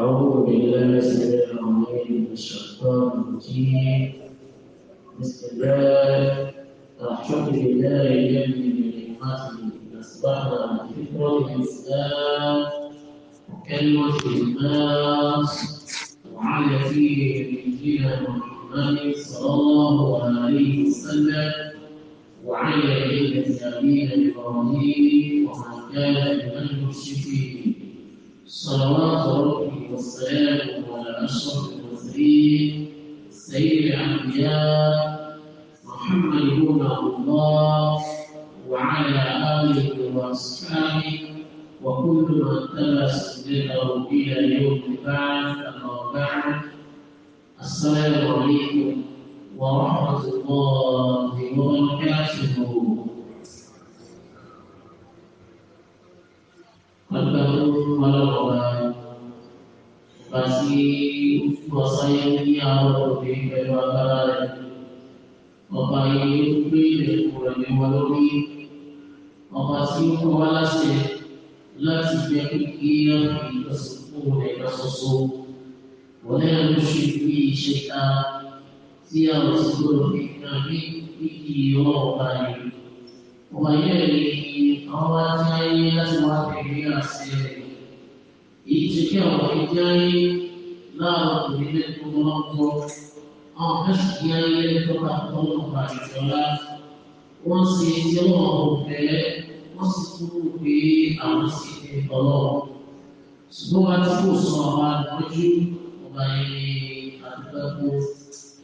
أعوذ بالله من الشيطان الرجيم بسم الله الحمد لله الذي بنعمته أصبحنا من فطرة الإسلام كلمة الناس وعلى فيه نبينا محمد صلى الله عليه وسلم وعلى إبراهيم إبراهيم ومن كان من المشركين صلوات ربي وسلامه على اشرف المرسلين سيد الانبياء محمد بن الله وعلى اله واصحابه وكل من تبع سنته الى يوم البعث اما بعد السلام عليكم ورحمه الله وبركاته قد وصيد يعرض بك الوبال وقد يقبل كل ولوي وقد سيك ولسه لا تبكي تسقون تصصوا ولا يشرك به شيئا سيا رسول فيك به وقال ويلي قواتي لسوات بها السير إتكاو إتكاو láàárọ̀ ìdílé tó mọ́ ń kọ́ àwọn mẹ́sàn-án ní ayé tọ́ka tó ń kọ́ àjọyọ̀lá wọ́n ṣe iṣẹ́ wọn kò fẹ́ wọ́n sì kúrò pé àwọn sì fi ọlọ́ ṣùgbọ́n wá tí kò sọ àwọn àgbọ̀jú ọba ẹni àdúgbò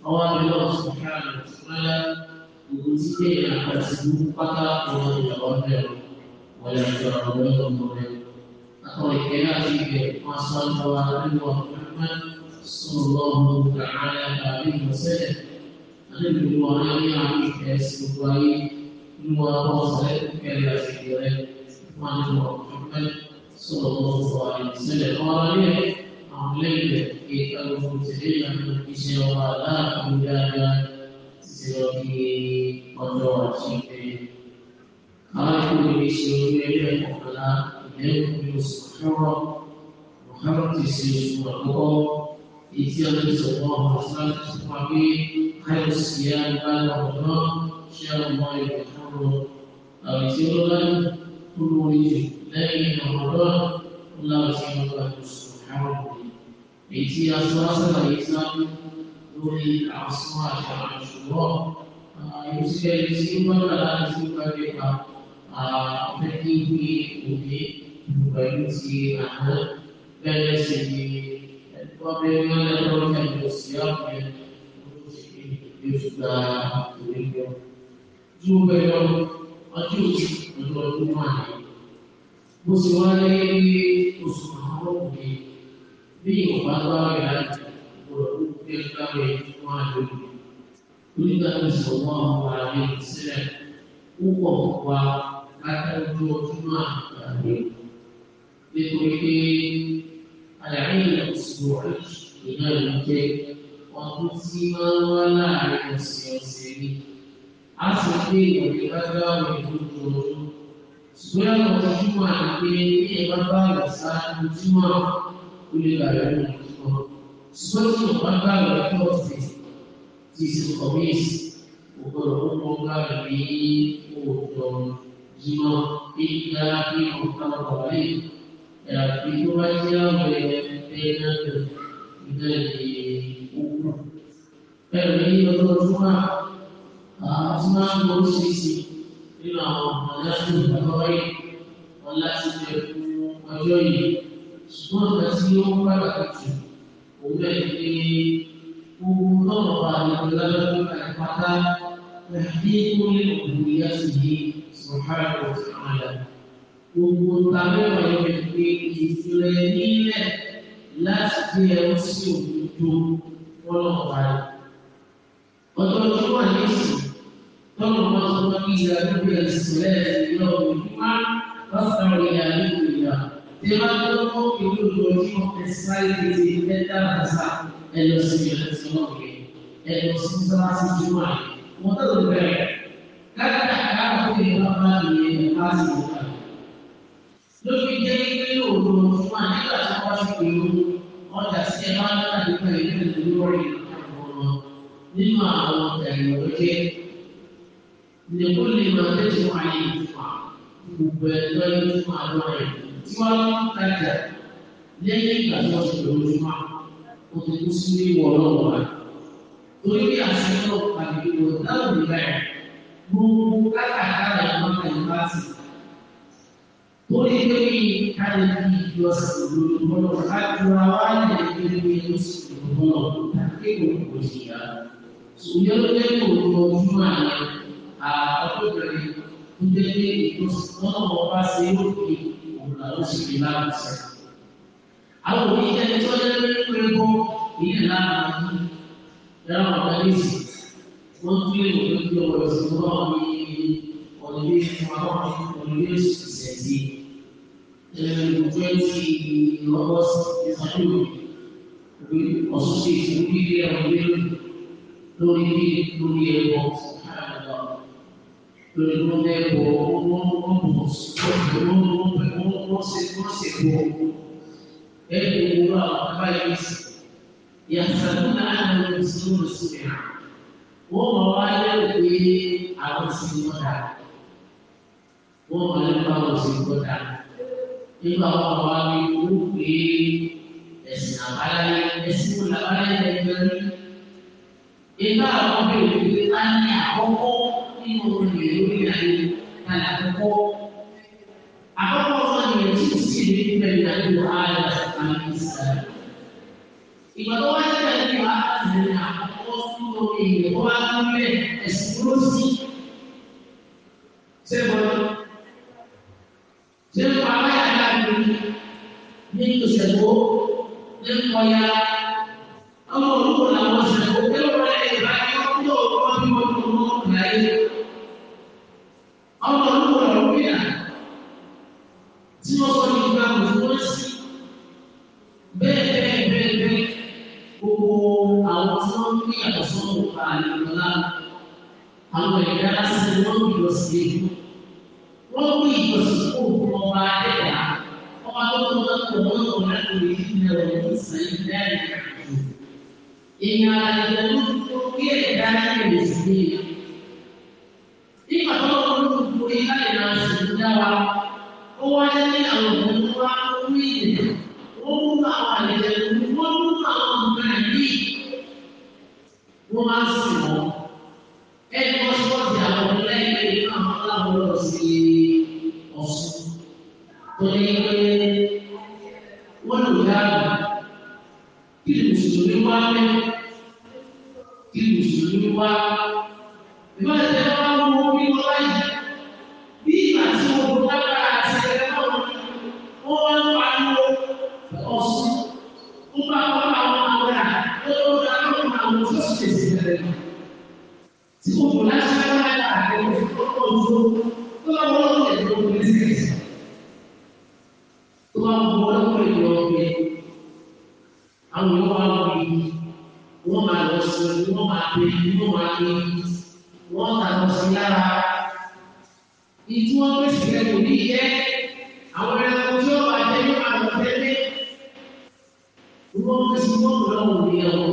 ọwọ́ abẹ́lẹ́ ọ̀sán káàdì ọ̀sán ìlú tí kéèyàn àti ìlú pátá ọ̀rọ̀ ìjọba ọ̀rẹ́ wọlé ìjọba ọ̀rẹ́ ọ̀rẹ́ والكلام وصلى الله محمد صلى الله تعالى عليه وسلم أن وعلي عمك يسوعي نواصل كلا سيدنا محمد صلى الله عليه وسلم وعلي عملك كي تلوم سيدنا من إشارة لا أمداد سيدنا وجوه شيئا أعرف بشيء من الحقلاء إليكم بالصحورة وخمسين والقضاء إتيان صلى الله عليه وسلم خير الصيام بعد رمضان شهر الله يتحرر رسولا كل وليه ليل رمضان ولا رسول الله سبحانه إتي أساسا الإسلام نوري العصمة شهر عاشوراء يسير يسير ولا يسير كذا أفكيه أوكي baik si anak dan si bagaimana orang yang siapnya untuk si sudah beliau juga yang majus menurut rumah muswali usaha di ubatan yang kami maju kita semua Alaihi Wasallam Umum wa Kata Jumlah Kami لتركي العين الأسبوعي لنالك وقسما ولا علم السياسي أصلي ولبدا ويكون سبحان الله في إبابة لسان الجمعة كل بيان سبحان الله التوفيق في الخميس وقرؤوا مقابل وقرؤوا جمعة إلا في مقابل ìgbó bá ti àwọn ẹgbẹ́ náà ìgbà yìí òkú. Bẹ́ẹ̀ ni ọjọ́ Júmọ́ àwọn tí máa ń lọ oríṣiríṣi nínú àwọn ọ̀nà láti ìgbàgbọ́ yìí wọn láti bẹ fún ọjọ́ yìí. Ṣùgbọ́n ìgbà tí ó ń pàdà jù òun bẹ́ẹ̀ ni ohun náà wà nínú lábẹ́rẹ́ àìpátá ẹ̀dínkù nínú ìyá sì yí sọ̀hárà òfin ọ̀la gbogbo ta mẹ́wàá yẹn lè pe ìfilẹ̀ nílẹ̀ láti gbé ẹrú sí òdodo fọlọ́ọ̀bá rẹ̀. ọjọ́ tó wà ní ìsìn tọ́lọ̀ wọn tó wọ́n ní ìyá lórí ẹ̀sìnlẹ̀ ìlọ òdìmá lọ́sàn-án rẹ̀ yà ní ìgbìyà. tí wọ́n tó kọ́ ìlú ìlọ́jú ẹ̀sáì lè mẹ́ta àgbà ẹ̀lọ́ sí ìrẹsì náà rẹ̀ ẹ̀lọ́ sí sábà sí jùmọ̀ rẹ̀. wọ́n tó bẹ̀rẹ̀ káàkiri àwọn ìlú ọ̀gá ìyẹn ló fi jẹ́ pé òòlù fún àdéhùn àti wọ́n ti pè ó ọjà sí ẹ máa ń dá nípa ìlú ìlú lórí ìlú nínú àwọn ọjà ìwọ̀n jẹ́ nìkú lè máa tẹ̀sí wọn àyè ìfà gbogbo ẹ̀tọ́ ẹni fún àwọn ẹ̀ tí wọ́n lọ ń lẹ́yìn ìgbà tí wọ́n ti pè ó fún wa ó ti kú sí ìwọ̀ ọlọ́wọ́ rẹ̀ torí bí àṣẹ náà pàdé ìwọ̀ dáhùn ìgbà yẹn gbogbo kátàkárà ìwọ̀n tẹ̀lé bá ti kú torí pé kí káyọ̀ kí ìjọsìn olùdókòwò àjùra wa lè fi ní oṣù lọ́wọ́ àkéwò kò sí ya. ṣùgbọ́n ó jẹ́ kó ojú àyẹ̀ àkọ́kọ́bẹ̀rẹ̀ ń jẹ́ pé ìjọsìn náà wọ́n bá ṣe é òkè òun làwọn sì lè láwọn sọ. àwọn òbí jẹ́ ẹni tó jẹ́ pé kó ìyẹn láwọn yìí dáhùn àgbáyèsí wọ́n tún lè wọ́n lójú ọ̀rọ̀ ìṣòro náà ní ọ̀dẹ́gbẹ́sì ọ̀dẹ́gbẹ́sì ìṣẹ̀dí. in 20 August is Halloween. We also see New Year will Glory New Year was Glory New Year was Glory New يحسبون أنهم يحسنون صنعا وما وعد به على سنوات وما لم يعد سنوات o nígbà wọn wá ní owó pé ẹ̀sìn àbáláyé ẹ̀sìn wọn làbáláyé ẹgbẹ́ rí. Ìgbà àwọn béèrè pé a ní àkọ́kọ́ nínú olùyẹ̀ lórí ayé náà àkọ́kọ́. Àkọ́kọ́ wọn ni ẹ̀jí sì ní pẹ̀lú àjò ààrẹ àti ìsàlẹ̀. Ìgbà tó wá ní ẹ̀jẹ̀ wá láti ní àkọ́kọ́ nínú olùyẹ̀ wọ́n wá lórí ẹ̀sìn lọ́sí. Ṣé bọ́lá? ní ìṣẹ̀wó ní nkọ́yà ọmọ olùkọ́ làwọn ṣẹ̀wó pé ó rẹ̀ ìgbà yọ kúrò ọkọ bí wọ́n tó mọ́ ọ̀láyé ọmọ olùkọ́ làwọn bí yà tí wọ́n sọ ní ìgbà kò fún wọn sí bẹ́ẹ̀ bẹ́ẹ̀ bẹ́ẹ̀ bẹ́ẹ̀ gbogbo àwọn tí wọ́n ní yàtọ̀ sọ́wọ́ pa àyẹ̀wò lánàá àwọn ẹ̀dá sí wọ́n gbìyànjú sí wọ́n gbìyànjú sí òkú ọba ẹ̀dá. Ingatlah itu kiri dan kiri tí kò tó láṣẹ lára àtẹ̀wé tó pọ̀ ju tó bá wọ́n lọ́wọ́ ẹ̀ tó kún sí ẹ̀sìn. tó bá wọ́n lọ́wọ́ ẹ̀ lọ pé àwọn yóò wá lọ bí wọ́n máa lọ sí wọ́n máa pè wọ́n máa pè wọ́n ta lọ sí lára. ìtú wọn pèsè rẹ kò ní yẹ àwọn ẹranko tí wọ́n bá jẹ́ yóò máa lọ wọ́n pèsè wọ́n lọ́wọ́ ìyàwó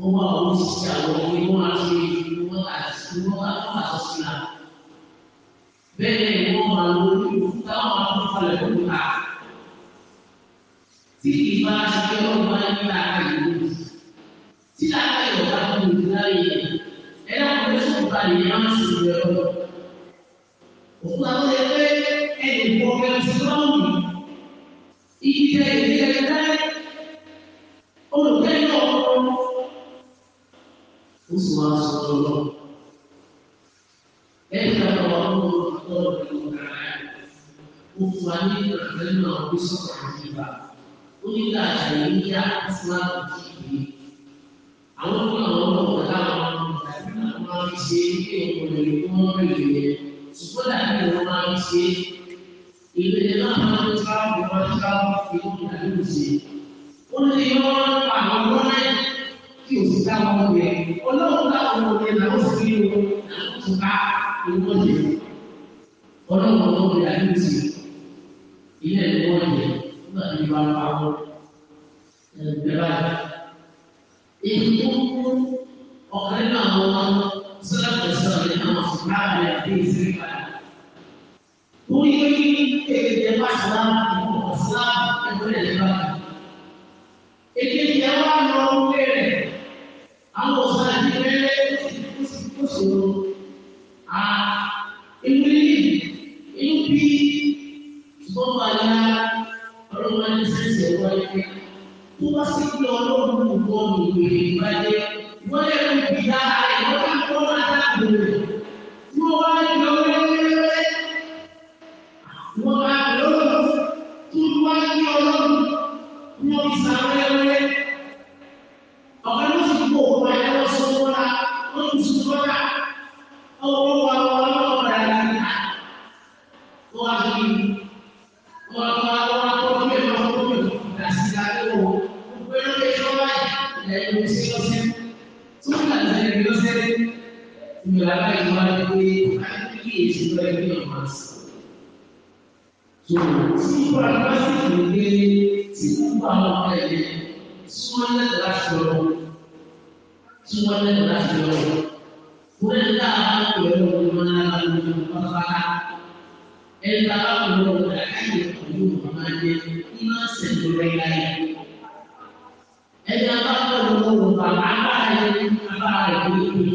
wọ́n wá àwọn òṣìṣẹ́ àwọn ọmọ inú àṣẹ ìfowó àti ìfowó àwọn àṣìṣe náà. Bẹ́ẹ̀ ni wọ́n máa lo onílù táwọn akọ́fọ̀lẹ̀ tó ń ta. Tí ìbá ṣe ọgbà nípa àyẹ̀wò. Tí láti ọ̀gá tó ń gbá yẹn, ẹ dákun ló sọ̀rọ̀ bá yẹn máa ń sùn rẹ̀ lọ. Òkú àwọn ẹgbẹ́ ẹnì kan kẹrin sí lọ́wọ́. Ìdíje ìdíje dáẹ́ olùkẹ́yìn. Rasulullah sallallahu Ella lo ha fatto un fanino fratello non visto conosciva. Unità di India Islam Cibi. Allora loro guardavano una visione con le nuove su quella che non ha visione il vedevano mangiare, mangiare, fino a lusi. Un giorno, ma non è tí o sì dáhùn ọ̀rẹ́ ọlọ́run láwọn ọ̀rẹ́ náà ó sì ń tún bá ìwọ́n yẹ ọlọ́run ọlọ́run yà ní ti ilé ìwọ́n yẹ náà ní bá bá wọn ẹgbẹ́ báyìí. èyí tó kú ọ̀rẹ́ náà wọn sílẹ̀ sọ̀rọ̀ náà fún báyìí àti ìsìn báyìí. wọ́n yẹ kí èdè bá sílámù ìmọ̀ sílámù ẹgbẹ́ ìjọba. Tuhan sih kalau menunggu ìgbà láì wá ní pé kí èsì lọ ẹgbẹ́ ọ̀ma sí. tó tí wà lásìkò pé tí wọ́n bá wọn bẹ̀rẹ̀ tí wọ́n lẹ́nu láti lọ tí wọ́n lẹ́nu láti lọ wọ́n ń dá àwọn ẹ̀rọ ọmọ náà lọ́wọ́ pápá ẹ̀ka àwọn ọmọ náà láti ọ̀dọ́ ọmọ náà ní máa ń sẹ̀dọ̀ rẹ̀ láyé. ẹ̀ka àwọn ọmọ náà lọ́wọ́ bàbá bá yẹ kí bàbá rẹ̀ lóye.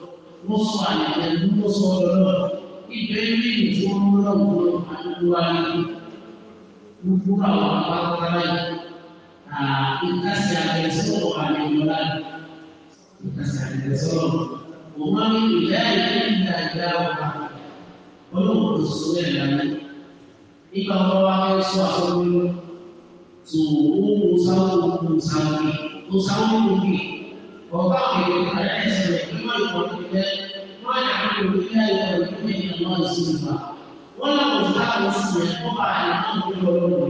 wọ́n sọ àyẹ̀wò ẹ̀dúgbò sọ lọ́wọ́ ibẹ̀ ní ìlú wọn mú lọ́wọ́ àdúgbò ayé gbogbo àwọn àbáwọlá yìí ìkásí àgbẹ̀sọ̀rọ̀ àyẹ̀wòlá ìkásí àgbẹ̀sọ̀rọ̀ òun ní ìyá ìlú ìgbà ìgbà ọba ọlọ́wọ́ tó sọ bẹ́ẹ̀ lálẹ́ nígbà wọn wá fẹ́ sọ àfọwọ́ tó owó sáwọn ohun sáwọn ohun sáwọn ohun ọba الإيمان والإيمان ونعمل بذلك ونؤمن الله سبحانه ولا نخلص من قطع الأمر والنور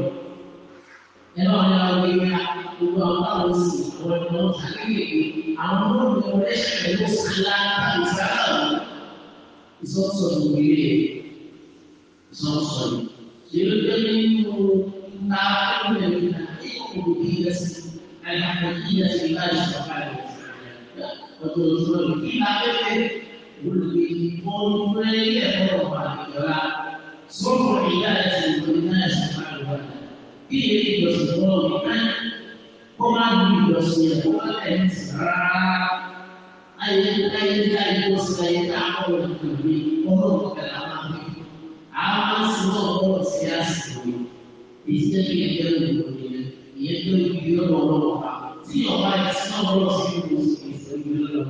ẹ̀rọ ni àwọn ìgbéga gbogbo àwọn táwọn sì àwọn ìgbìmọ̀ kàkiri àwọn olùkọ́ ẹ̀ṣẹ̀ pẹ̀lú sàlá àti sàlá ìsọ̀sọ̀ ìwé ìsọ̀sọ̀ ìlú tó ní nínú nta ẹ̀rọ ìgbà ìkòkò kí ẹ̀sìn àìkòkò kí ẹ̀sìn láì sọ̀kalẹ̀. betul-betul kita ini berbagi mulai Eropa adalah semua ibadah sebenarnya semuanya tidak itu semuanya pengabdi dosnya bukan serat ayat-ayat dari saya tahu lebih orang dalam amal semua orang siasat Bisa dia berbuat, dia berbuat orang. Siapa yang semua orang sibuk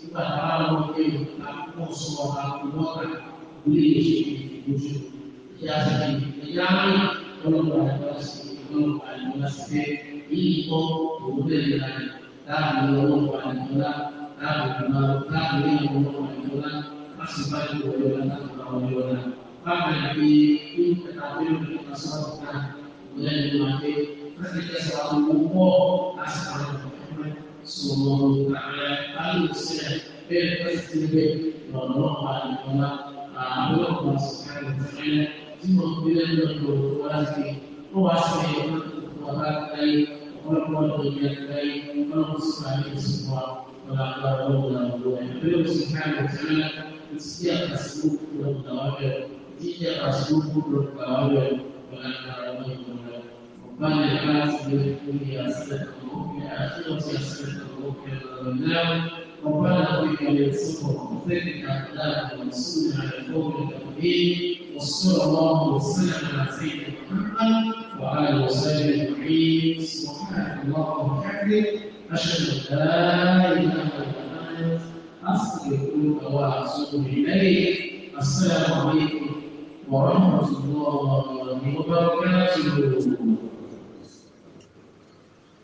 kita Subhanahu wa subhanahu beliau wujud kiasi yang ada masih itu kemudian dan ada dan berkualitas dan berkualitas masih banyak berkualitas berkualitas maka di itu tetapi kita sorotkan kemudian dimakai terus kita selalu kumpul asal sallallahu alaihi wasallam Allah semua semua ما للناس من الدنيا سنة وفي الآخرة سنة وفي النار ربنا بك يوسف وفقك أقدام ورسولنا على القول التوحيد وصلى الله وسلم على سيدنا محمد وعلى وسلم سبحانك اللهم أشهد أن لا إله إلا أنت أستغفرك وأتوب إليك السلام عليكم ورحمة الله وبركاته